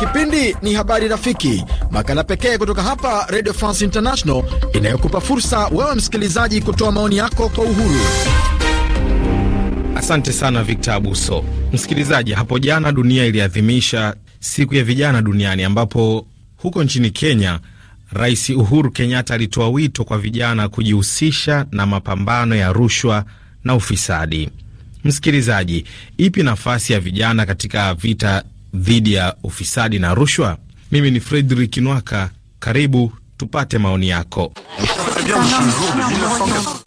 Kipindi ni Habari Rafiki, makala pekee kutoka hapa Radio France International inayokupa fursa wewe msikilizaji kutoa maoni yako kwa uhuru. Asante sana Victor Abuso. Msikilizaji, hapo jana dunia iliadhimisha siku ya vijana duniani, ambapo huko nchini Kenya Rais Uhuru Kenyatta alitoa wito kwa vijana kujihusisha na mapambano ya rushwa na ufisadi. Msikilizaji, ipi nafasi ya vijana katika vita dhidi ya ufisadi na rushwa? Mimi ni Fredrik Nwaka, karibu tupate maoni yako.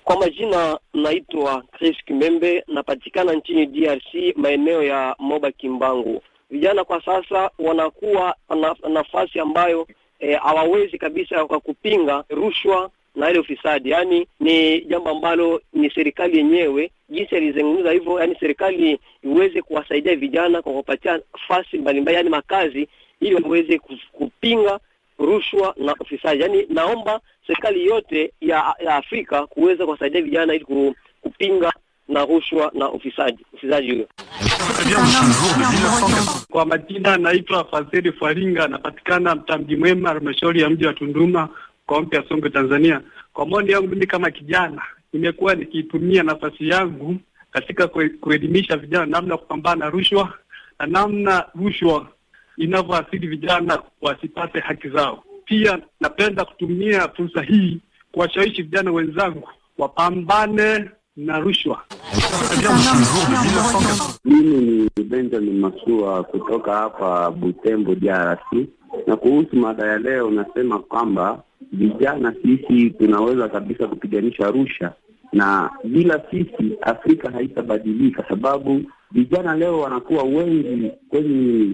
Kwa majina naitwa Chris Kimembe, napatikana nchini DRC maeneo ya Moba Kimbangu. Vijana kwa sasa wanakuwa na nafasi ambayo eh, hawawezi e, kabisa kwa kupinga rushwa na ile ufisadi. Yani ni jambo ambalo ni serikali yenyewe jinsi alizungumza hivyo, yani serikali iweze kuwasaidia vijana kwa kupatia nafasi mbalimbali, yani makazi, ili waweze kupinga rushwa na ufisadi. Yani naomba serikali yote ya, ya Afrika kuweza kuwasaidia vijana ili kupinga na rushwa na ufisadi ufisadi huyo. Kwa majina naitwa Fazeli Fwalinga, napatikana Mtamji Mwema, halmashauri ya mji wa Tunduma, kwa mpya Songwe, Tanzania. Kwa maoni yangu mimi kama kijana, nimekuwa nikiitumia nafasi yangu katika kuelimisha vijana namna ya kupambana rushwa na namna rushwa inavyoathiri vijana wasipate haki zao. Pia napenda kutumia fursa hii kuwashawishi vijana wenzangu wapambane na rushwa. Mimi ni Benjamin Masua kutoka hapa Butembo DRC. Na kuhusu mada ya leo, unasema kwamba vijana sisi tunaweza kabisa kupiganisha rusha, na bila sisi Afrika haitabadilika, sababu vijana leo wanakuwa wengi kwenye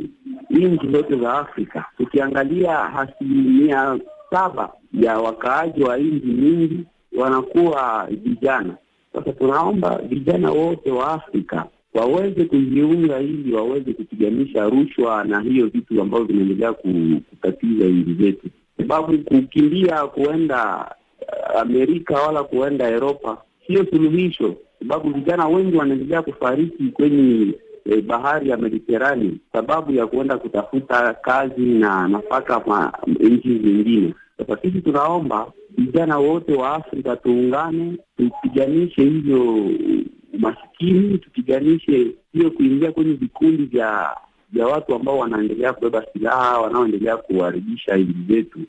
nchi zote za Afrika. tukiangalia asilimia saba ya wakaaji wa nchi nyingi wanakuwa vijana. Sasa tunaomba vijana wote wa Afrika waweze kujiunga ili waweze kupiganisha rushwa na hiyo vitu ambavyo vinaendelea kutatiza nchi zetu, sababu kukimbia kuenda uh, Amerika wala kuenda Europa sio suluhisho, sababu vijana wengi wanaendelea kufariki kwenye eh, bahari ya Mediterani sababu ya kuenda kutafuta kazi na nafaka ma nchi zingine. Sasa sisi tunaomba vijana wote wa Afrika tuungane, tupiganishe hivyo lakini tupiganishe hiyo kuingia kwenye vikundi vya vya watu ambao wanaendelea kubeba silaha wanaoendelea kuharibisha nchi zetu.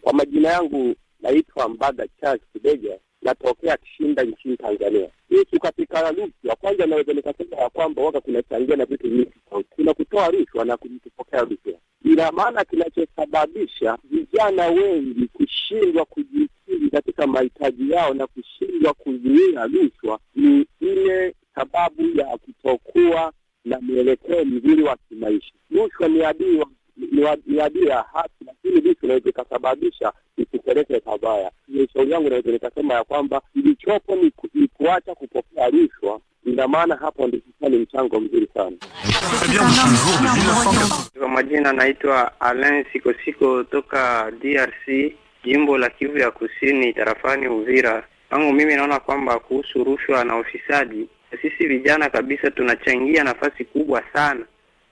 Kwa majina yangu naitwa Mbaga Charles Kudeja, natokea Kishinda nchini Tanzania. Rushwa katika rushwa, kwanza naweza nikasema ya kwamba waka kunachangia na vitu vingi kuna kutoa rushwa na kujitupokea rushwa. Ina maana kinachosababisha vijana wengi kushindwa kujikili katika mahitaji yao na kushi wa kuzuia rushwa ni ile sababu ya kutokuwa na mwelekeo mzuri wa kimaisha. Rushwa ni adui ni adui ya haki, lakini rushwa inaweza ikasababisha ikupeleke pabaya. Ushauri yangu naweza nikasema ya kwamba ilichopo ni kuacha kupokea rushwa. Ina maana hapo ndipo ni mchango mzuri sana. Kwa majina naitwa Alain Sikosiko toka DRC, jimbo la Kivu ya Kusini, tarafani Uvira. Kwangu mimi naona kwamba kuhusu rushwa na ufisadi, sisi vijana kabisa tunachangia nafasi kubwa sana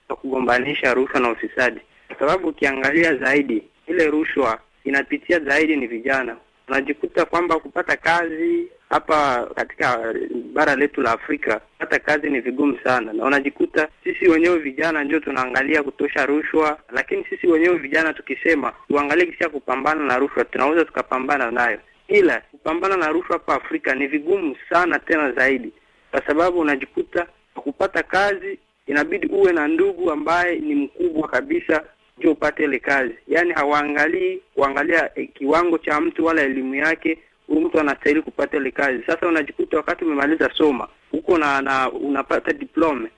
ya kugombanisha rushwa na ufisadi, kwa sababu ukiangalia zaidi ile rushwa inapitia zaidi ni vijana. Unajikuta kwamba kupata kazi hapa katika bara letu la Afrika, kupata kazi ni vigumu sana, na unajikuta sisi wenyewe vijana ndio tunaangalia kutosha rushwa. Lakini sisi wenyewe vijana tukisema tuangalie kisha kupambana na rushwa, tunaweza tukapambana nayo ila kupambana na rushwa hapa Afrika ni vigumu sana, tena zaidi, kwa sababu unajikuta kupata kazi inabidi uwe na ndugu ambaye ni mkubwa kabisa ndio upate ile kazi. Yaani hawaangalii kuangalia eh, kiwango cha mtu wala elimu yake, huyu mtu anastahili kupata ile kazi. Sasa unajikuta wakati umemaliza soma huko na, na unapata diplome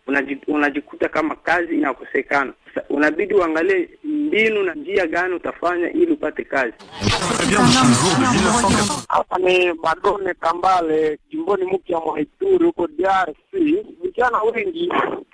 unajikuta kama kazi inakosekana. Unabidi uangalie mbinu na njia gani utafanya ili upate kazi. Hapa ni Madone Kambale, jimboni mpya mwa Ituri huko DRC. Vijana wengi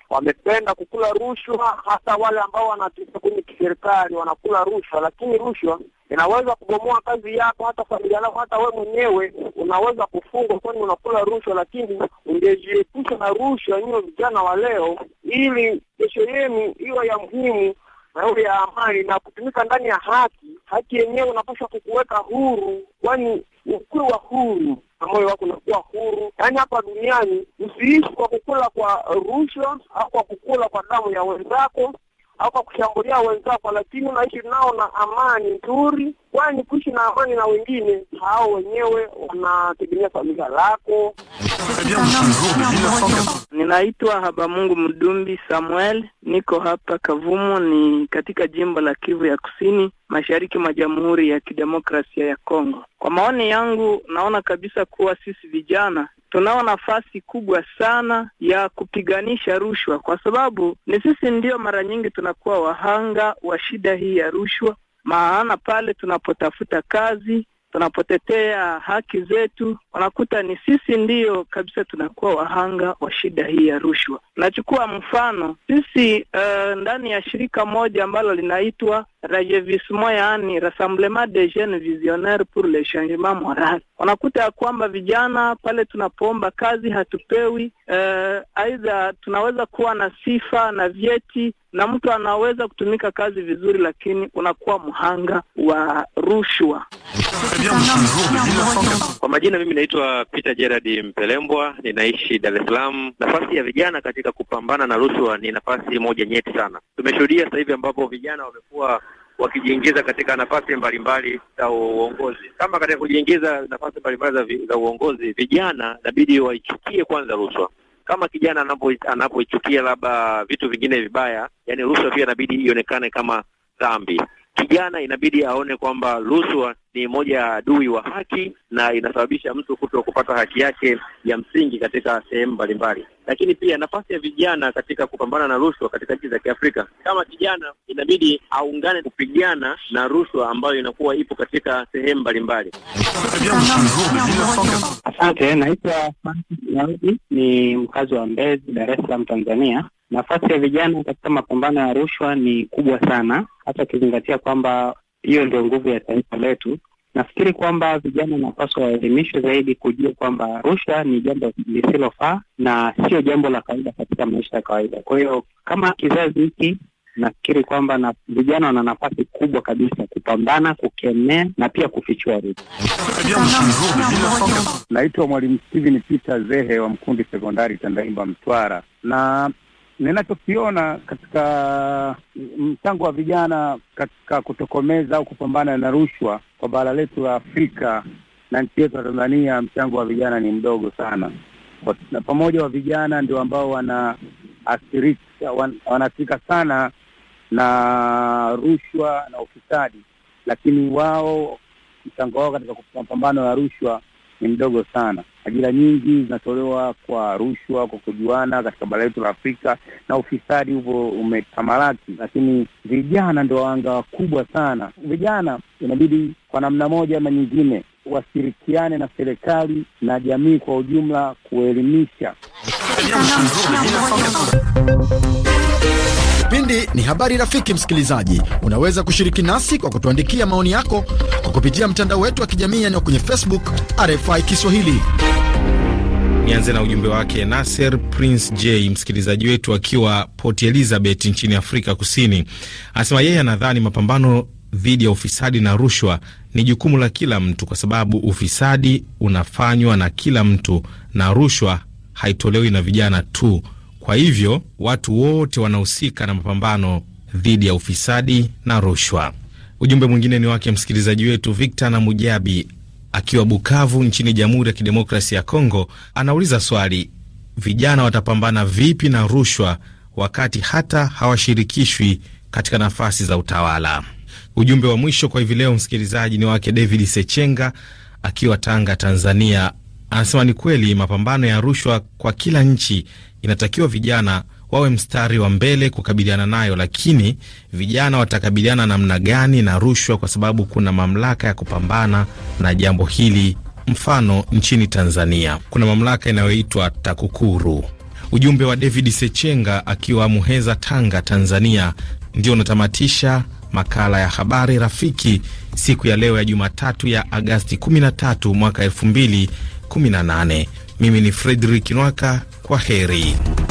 wamependa kukula rushwa, hasa wale ambao wanatia kwenye kiserikali wanakula rushwa, lakini rushwa inaweza kubomoa kazi yako, hata familia yako, hata wewe mwenyewe unaweza kufungwa, kwani unakula rushwa. Lakini ungejiepusha na rushwa, nyinyi vijana wa leo, ili kesho yenu iwe ya muhimu na iwe ya amani na kutumika ndani ya haki. Haki yenyewe unapaswa kukuweka huru, kwani ukiwa huru na moyo wako unakuwa huru. Yaani hapa duniani usiishi kwa kukula kwa rushwa au kwa kukula kwa damu ya wenzako, au kwa kushambulia wenzako, lakini unaishi nao na amani nzuri, kwani kuishi na amani na wengine hao wenyewe wanategemea familia lako. Ninaitwa Habamungu Mdumbi Samuel, niko hapa Kavumu, ni katika jimbo la Kivu ya Kusini, mashariki mwa Jamhuri ya Kidemokrasia ya Kongo. Kwa maoni yangu, naona kabisa kuwa sisi vijana tunao nafasi kubwa sana ya kupiganisha rushwa, kwa sababu ni sisi ndio mara nyingi tunakuwa wahanga wa shida hii ya rushwa, maana pale tunapotafuta kazi tunapotetea haki zetu, unakuta ni sisi ndio kabisa tunakuwa wahanga wa shida hii ya rushwa. Nachukua mfano sisi uh, ndani ya shirika moja ambalo linaitwa Rajevismo, yaani Rassemblement des Jeunes Visionnaires pour le Changement Moral. Unakuta ya kwamba vijana pale tunapoomba kazi hatupewi. Uh, aidha tunaweza kuwa na sifa na vyeti na mtu anaweza kutumika kazi vizuri, lakini unakuwa mhanga wa rushwa. Kwa majina, mimi naitwa Peter Gerard Mpelembwa, ninaishi Dar es Salaam. Nafasi ya vijana katika kupambana na rushwa ni nafasi moja nyeti sana. Tumeshuhudia sasa hivi ambapo vijana wamekuwa wakijiingiza katika nafasi mbalimbali za uongozi. Kama katika kujiingiza nafasi mbalimbali za, za uongozi, vijana inabidi waichukie kwanza rushwa kama kijana anapoichukia labda vitu vingine vibaya, yani rushwa pia inabidi ionekane kama dhambi kijana inabidi aone kwamba rushwa ni moja ya adui wa haki na inasababisha mtu kuto kupata haki yake ya msingi katika sehemu mbalimbali. Lakini pia nafasi ya vijana katika kupambana na rushwa katika nchi za Kiafrika, kama kijana inabidi aungane kupigana na rushwa ambayo inakuwa ipo katika sehemu mbalimbali. Asante, naitwa ni mkazi wa Mbezi, Dar es Salaam, Tanzania. Nafasi ya vijana katika mapambano ya rushwa ni kubwa sana, hasa ukizingatia kwamba hiyo ndio nguvu ya taifa letu. Nafikiri kwamba vijana wanapaswa waelimishwe zaidi kujua kwamba rushwa ni jambo lisilofaa na sio jambo la kawaida katika maisha ya kawaida. Kwa hiyo kama kizazi hiki nafikiri kwamba na vijana wana nafasi kubwa kabisa kupambana, kukemea na pia kufichua rushwa. Naitwa Mwalimu Steven Peter Zehe wa Mkundi Sekondari Tandaimba, Mtwara, na ninachokiona katika mm, mchango wa vijana katika kutokomeza au kupambana na rushwa kwa bara letu la Afrika na nchi yetu ya Tanzania, mchango wa vijana ni mdogo sana, na pamoja wa vijana ndio ambao wanaathirika wan, wanaathirika sana na rushwa na ufisadi, lakini wao mchango wao katika kupambana na rushwa ni mdogo sana. Ajira nyingi zinatolewa kwa rushwa, kwa kujuana katika bara letu la Afrika, na ufisadi huo umetamalaki, lakini vijana ndo wanga wakubwa sana. Vijana inabidi kwa namna moja ama nyingine washirikiane na serikali na jamii kwa ujumla kuelimisha Kipindi ni habari rafiki. Msikilizaji, unaweza kushiriki nasi kwa kutuandikia maoni yako kwa kupitia mtandao wetu wa kijamii yaani kwenye Facebook RFI Kiswahili. Nianze na ujumbe wake Nasser Prince J, msikilizaji wetu akiwa Port Elizabeth nchini Afrika Kusini, anasema yeye anadhani mapambano dhidi ya ufisadi na rushwa ni jukumu la kila mtu, kwa sababu ufisadi unafanywa na kila mtu na rushwa haitolewi na vijana tu kwa hivyo watu wote wanahusika na mapambano dhidi ya ufisadi na rushwa. Ujumbe mwingine ni wake msikilizaji wetu Victor na Mujabi akiwa Bukavu nchini Jamhuri ya Kidemokrasia ya Kongo, anauliza swali: vijana watapambana vipi na rushwa wakati hata hawashirikishwi katika nafasi za utawala? Ujumbe wa mwisho kwa hivi leo msikilizaji ni wake David Sechenga akiwa Tanga, Tanzania, Anasema ni kweli mapambano ya rushwa kwa kila nchi inatakiwa vijana wawe mstari wa mbele kukabiliana nayo, lakini vijana watakabiliana namna gani na rushwa? Kwa sababu kuna mamlaka ya kupambana na jambo hili. Mfano, nchini Tanzania kuna mamlaka inayoitwa TAKUKURU. Ujumbe wa David Sechenga akiwa Muheza, Tanga, Tanzania, ndio unatamatisha makala ya habari rafiki siku ya leo ya Jumatatu ya Agasti 13 mwaka 18. Mimi ni Fredrik Nwaka, kwa heri.